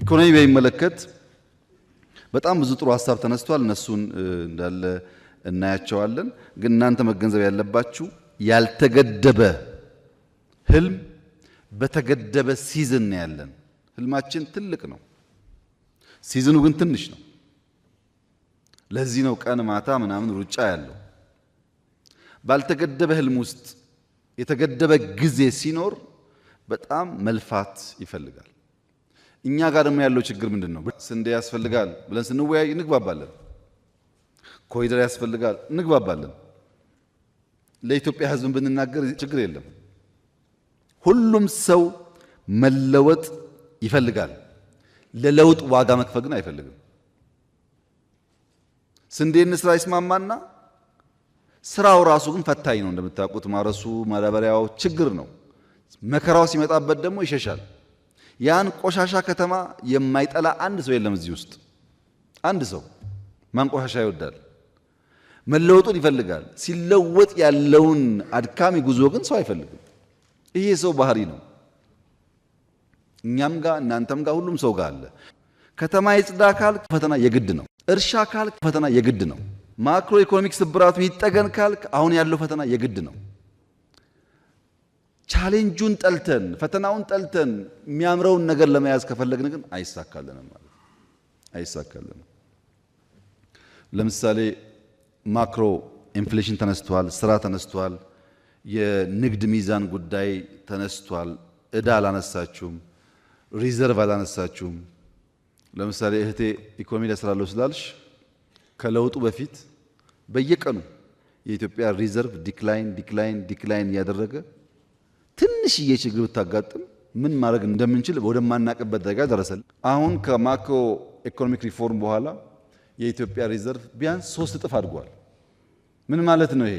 ኢኮኖሚ በሚመለከት በጣም ብዙ ጥሩ ሀሳብ ተነስቷል። እነሱን እንዳለ እናያቸዋለን። ግን እናንተ መገንዘብ ያለባችሁ ያልተገደበ ህልም በተገደበ ሲዝን ነው ያለን። ህልማችን ትልቅ ነው፣ ሲዝኑ ግን ትንሽ ነው። ለዚህ ነው ቀን ማታ ምናምን ሩጫ ያለው። ባልተገደበ ህልም ውስጥ የተገደበ ጊዜ ሲኖር በጣም መልፋት ይፈልጋል። እኛ ጋር ደግሞ ያለው ችግር ምንድን ነው? ስንዴ ያስፈልጋል ብለን ስንወያይ እንግባባለን። ኮሪደር ያስፈልጋል እንግባባለን። ለኢትዮጵያ ህዝብ ብንናገር ችግር የለም። ሁሉም ሰው መለወጥ ይፈልጋል። ለለውጥ ዋጋ መክፈል ግን አይፈልግም። ስንዴ እንስራ ይስማማና ስራው ራሱ ግን ፈታኝ ነው። እንደምታውቁት ማረሱ፣ ማዳበሪያው ችግር ነው። መከራው ሲመጣበት ደግሞ ይሸሻል። ያን ቆሻሻ ከተማ የማይጠላ አንድ ሰው የለም እዚህ ውስጥ። አንድ ሰው ማን ቆሻሻ ይወዳል? መለወጡን ይፈልጋል። ሲለወጥ ያለውን አድካሚ ጉዞ ግን ሰው አይፈልግም። ይሄ የሰው ባህሪ ነው። እኛም ጋር እናንተም ጋር ሁሉም ሰው ጋር አለ። ከተማ የጽዳ ካልክ ፈተና የግድ ነው። እርሻ ካልክ ፈተና የግድ ነው። ማክሮ ኢኮኖሚክ ስብራቱ ይጠገን ካልክ አሁን ያለው ፈተና የግድ ነው። ቻሌንጁን ጠልተን ፈተናውን ጠልተን የሚያምረውን ነገር ለመያዝ ከፈለግን ግን አይሳካልንም ማለት አይሳካልንም። ለምሳሌ ማክሮ ኢንፍሌሽን ተነስቷል፣ ስራ ተነስቷል፣ የንግድ ሚዛን ጉዳይ ተነስቷል። እዳ አላነሳችሁም፣ ሪዘርቭ አላነሳችሁም። ለምሳሌ እህቴ ኢኮኖሚ ላይ ስራለሁ ስላልሽ ከለውጡ በፊት በየቀኑ የኢትዮጵያ ሪዘርቭ ዲክላይን ዲክላይን ዲክላይን እያደረገ ትንሽዬ ችግር ብታጋጥም ምን ማድረግ እንደምንችል ወደማናቅበት ደረጃ ደረሰል። አሁን ከማክሮ ኢኮኖሚክ ሪፎርም በኋላ የኢትዮጵያ ሪዘርቭ ቢያንስ ሶስት እጥፍ አድጓል። ምን ማለት ነው ይሄ?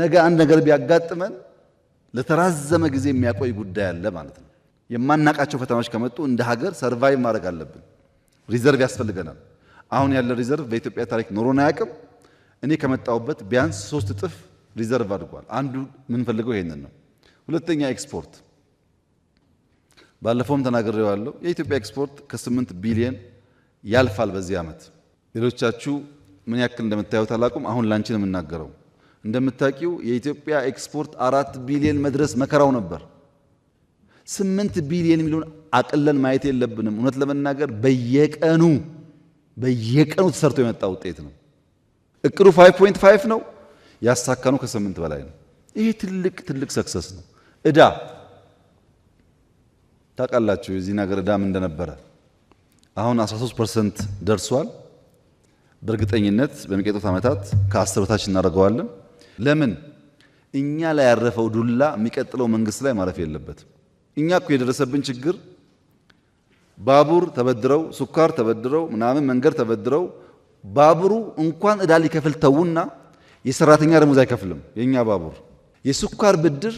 ነገ አንድ ነገር ቢያጋጥመን ለተራዘመ ጊዜ የሚያቆይ ጉዳይ አለ ማለት ነው። የማናቃቸው ፈተናዎች ከመጡ እንደ ሀገር ሰርቫይቭ ማድረግ አለብን። ሪዘርቭ ያስፈልገናል። አሁን ያለ ሪዘርቭ በኢትዮጵያ ታሪክ ኖሮን አያውቅም። እኔ ከመጣሁበት ቢያንስ ሶስት እጥፍ ሪዘርቭ አድርጓል። አንዱ የምንፈልገው ይሄንን ነው። ሁለተኛ ኤክስፖርት፣ ባለፈውም ተናግሬዋለሁ። የኢትዮጵያ ኤክስፖርት ከ ከ8 ቢሊየን ያልፋል በዚህ ዓመት። ሌሎቻችሁ ምን ያክል እንደምታዩት አላቁም አሁን ላንቺን የምናገረው እንደምታውቂው የኢትዮጵያ ኤክስፖርት አራት ቢሊየን መድረስ መከራው ነበር። ስምንት ቢሊየን የሚለውን አቅለን ማየት የለብንም። እውነት ለመናገር በየቀኑ በየቀኑ ተሰርቶ የመጣ ውጤት ነው። እቅዱ 5.5 ፖይንት ነው። ያሳካነው ከስምንት በላይ ነው። ይሄ ትልቅ ትልቅ ሰክሰስ ነው። እዳ ታውቃላችሁ፣ የዚህ ነገር እዳም እንደነበረ አሁን 13 ፐርሰንት ደርሷል። በእርግጠኝነት በሚቀጥሉት ዓመታት ከአስር በታች እናደርገዋለን። ለምን እኛ ላይ ያረፈው ዱላ የሚቀጥለው መንግስት ላይ ማረፍ የለበትም። እኛ እኮ የደረሰብን ችግር ባቡር ተበድረው፣ ስኳር ተበድረው፣ ምናምን መንገድ ተበድረው ባቡሩ እንኳን እዳ ሊከፍል ተዉና የሰራተኛ ደሞዝ አይከፍልም የእኛ ባቡር። የስኳር ብድር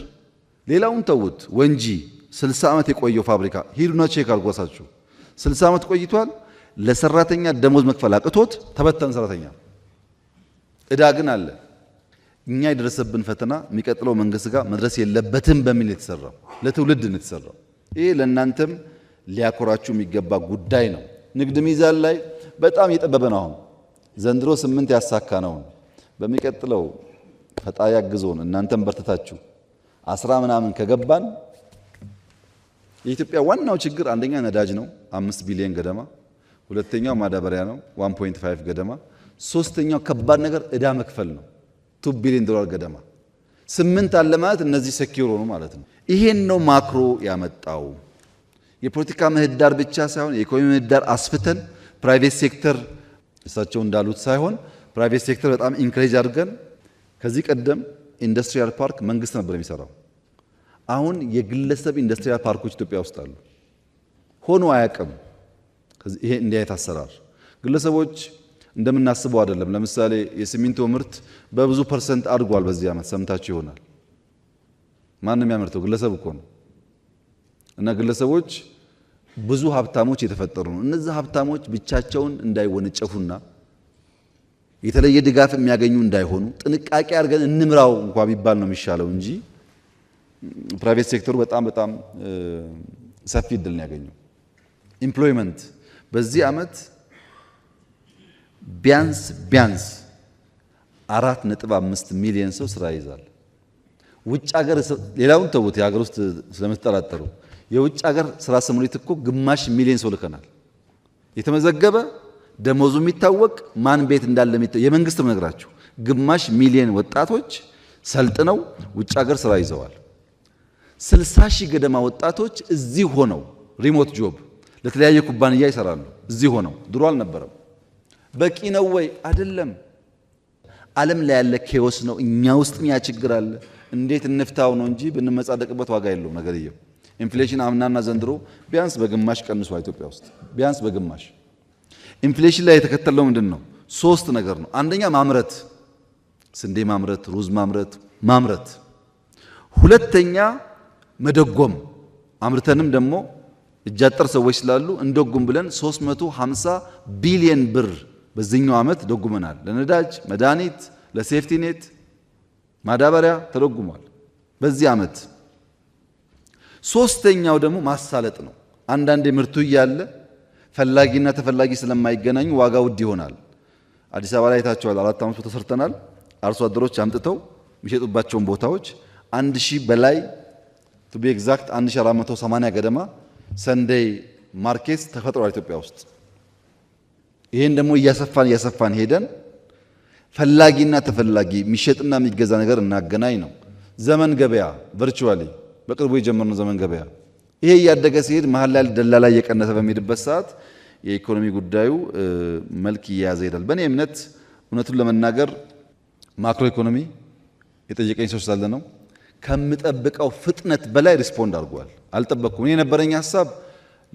ሌላውን ተውት። ወንጂ 60 ዓመት የቆየው ፋብሪካ ሂዱና ቼክ አልጓሳችሁ 60 ዓመት ቆይቷል። ለሰራተኛ ደሞዝ መክፈል አቅቶት ተበተን ሰራተኛ እዳ ግን አለ። እኛ የደረሰብን ፈተና የሚቀጥለው መንግስት ጋር መድረስ የለበትም በሚል የተሰራው ለትውልድ ነው የተሰራው። ይሄ ለእናንተም ሊያኮራችሁ የሚገባ ጉዳይ ነው። ንግድ ሚዛን ላይ በጣም የጠበበ ነው አሁን ዘንድሮ ስምንት ያሳካ ነው። በሚቀጥለው ፈጣሪ ያግዞን እናንተን በርትታችሁ አስራ ምናምን ከገባን የኢትዮጵያ ዋናው ችግር አንደኛ ነዳጅ ነው፣ አምስት ቢሊዮን ገደማ። ሁለተኛው ማዳበሪያ ነው፣ 1.5 ገደማ። ሶስተኛው ከባድ ነገር እዳ መክፈል ነው፣ ቱ ቢሊዮን ዶላር ገደማ። ስምንት አለ ማለት እነዚህ ሴኪር ነው ማለት ነው። ይሄን ነው ማክሮ ያመጣው። የፖለቲካ ምህዳር ብቻ ሳይሆን የኢኮኖሚ ምህዳር አስፍተን ፕራይቬት ሴክተር እሳቸው እንዳሉት ሳይሆን ፕራይቬት ሴክተር በጣም ኢንክሬጅ አድርገን ከዚህ ቀደም ኢንዱስትሪያል ፓርክ መንግስት ነበር የሚሰራው። አሁን የግለሰብ ኢንዱስትሪያል ፓርኮች ኢትዮጵያ ውስጥ አሉ። ሆኖ አያውቅም። ይሄ እንዲህ አይነት አሰራር ግለሰቦች እንደምናስበው አይደለም። ለምሳሌ የሲሚንቶ ምርት በብዙ ፐርሰንት አድጓል በዚህ ዓመት ሰምታችሁ ይሆናል። ማንም ያመርተው ግለሰብ እኮ ነው። እና ግለሰቦች ብዙ ሀብታሞች የተፈጠሩ ነው። እነዚህ ሀብታሞች ብቻቸውን እንዳይወነጨፉና የተለየ ድጋፍ የሚያገኙ እንዳይሆኑ ጥንቃቄ አድርገን እንምራው እንኳ ቢባል ነው የሚሻለው እንጂ ፕራይቬት ሴክተሩ በጣም በጣም ሰፊ እድል ነው ያገኘው። ኢምፕሎይመንት በዚህ ዓመት ቢያንስ ቢያንስ አራት ነጥብ አምስት ሚሊዮን ሰው ስራ ይዛል። ውጭ ሀገር ሌላውን ተውት፣ የሀገር ውስጥ ስለምትጠራጠሩ የውጭ ሀገር ስራ ስምሪት እኮ ግማሽ ሚሊዮን ሰው ልከናል የተመዘገበ ደሞዙ የሚታወቅ ማን ቤት እንዳለ የመንግስት ነግራችሁ ግማሽ ሚሊየን ወጣቶች ሰልጥነው ውጭ ሀገር ስራ ይዘዋል። ስልሳ ሺህ ገደማ ወጣቶች እዚህ ሆነው ሪሞት ጆብ ለተለያየ ኩባንያ ይሰራሉ። እዚህ ሆነው ድሮ አልነበረም። በቂ ነው ወይ? አይደለም። ዓለም ላይ ያለ ኬዎስ ነው። እኛ ውስጥ ያ ችግር አለ። እንዴት እንፍታው ነው እንጂ ብንመጻደቅበት ዋጋ የለውም ነገርየው። ኢንፍሌሽን አምናና ዘንድሮ ቢያንስ በግማሽ ቀንሷ ኢትዮጵያ ውስጥ ቢያንስ በግማሽ ኢንፍሌሽን ላይ የተከተለው ምንድን ነው? ሶስት ነገር ነው። አንደኛ ማምረት፣ ስንዴ ማምረት፣ ሩዝ ማምረት፣ ማምረት። ሁለተኛ መደጎም፣ አምርተንም ደግሞ እጃጠር ሰዎች ስላሉ እንደጉም ብለን 350 ቢሊየን ብር በዚህኛው ዓመት ደጉመናል። ለነዳጅ፣ መድኃኒት፣ ለሴፍቲኔት ማዳበሪያ ተደጉሟል በዚህ ዓመት። ሶስተኛው ደግሞ ማሳለጥ ነው። አንዳንዴ ምርቱ እያለ ፈላጊና ተፈላጊ ስለማይገናኙ ዋጋ ውድ ይሆናል። አዲስ አበባ ላይ ታቸዋል። አራት አምስት ተሰርተናል። አርሶ አደሮች አምጥተው የሚሸጡባቸውን ቦታዎች አንድ ሺህ በላይ ቱ ቢ ኤግዛክት 1480 ገደማ ሰንደይ ማርኬት ተፈጥሯል ኢትዮጵያ ውስጥ። ይህን ደግሞ እያሰፋን እያሰፋን ሄደን ፈላጊና ተፈላጊ የሚሸጥና የሚገዛ ነገር እናገናኝ ነው። ዘመን ገበያ ቨርቹዋሊ በቅርቡ የጀመርነው ዘመን ገበያ ይሄ እያደገ ሲሄድ መሀል ላይ ደላላ እየቀነሰ በሚሄድበት ሰዓት የኢኮኖሚ ጉዳዩ መልክ እየያዘ ይሄዳል። በእኔ እምነት እውነቱን ለመናገር ማክሮ ኢኮኖሚ የጠየቀኝ ሰው ስላለ ነው ከምጠብቀው ፍጥነት በላይ ሪስፖንድ አድርጓል። አልጠበቅኩም። እኔ የነበረኝ ሀሳብ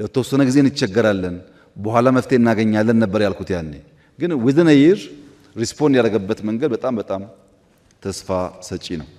ለተወሰነ ጊዜ እንቸገራለን፣ በኋላ መፍትሄ እናገኛለን ነበር ያልኩት ያኔ። ግን ዊዝን ይር ሪስፖንድ ያደረገበት መንገድ በጣም በጣም ተስፋ ሰጪ ነው።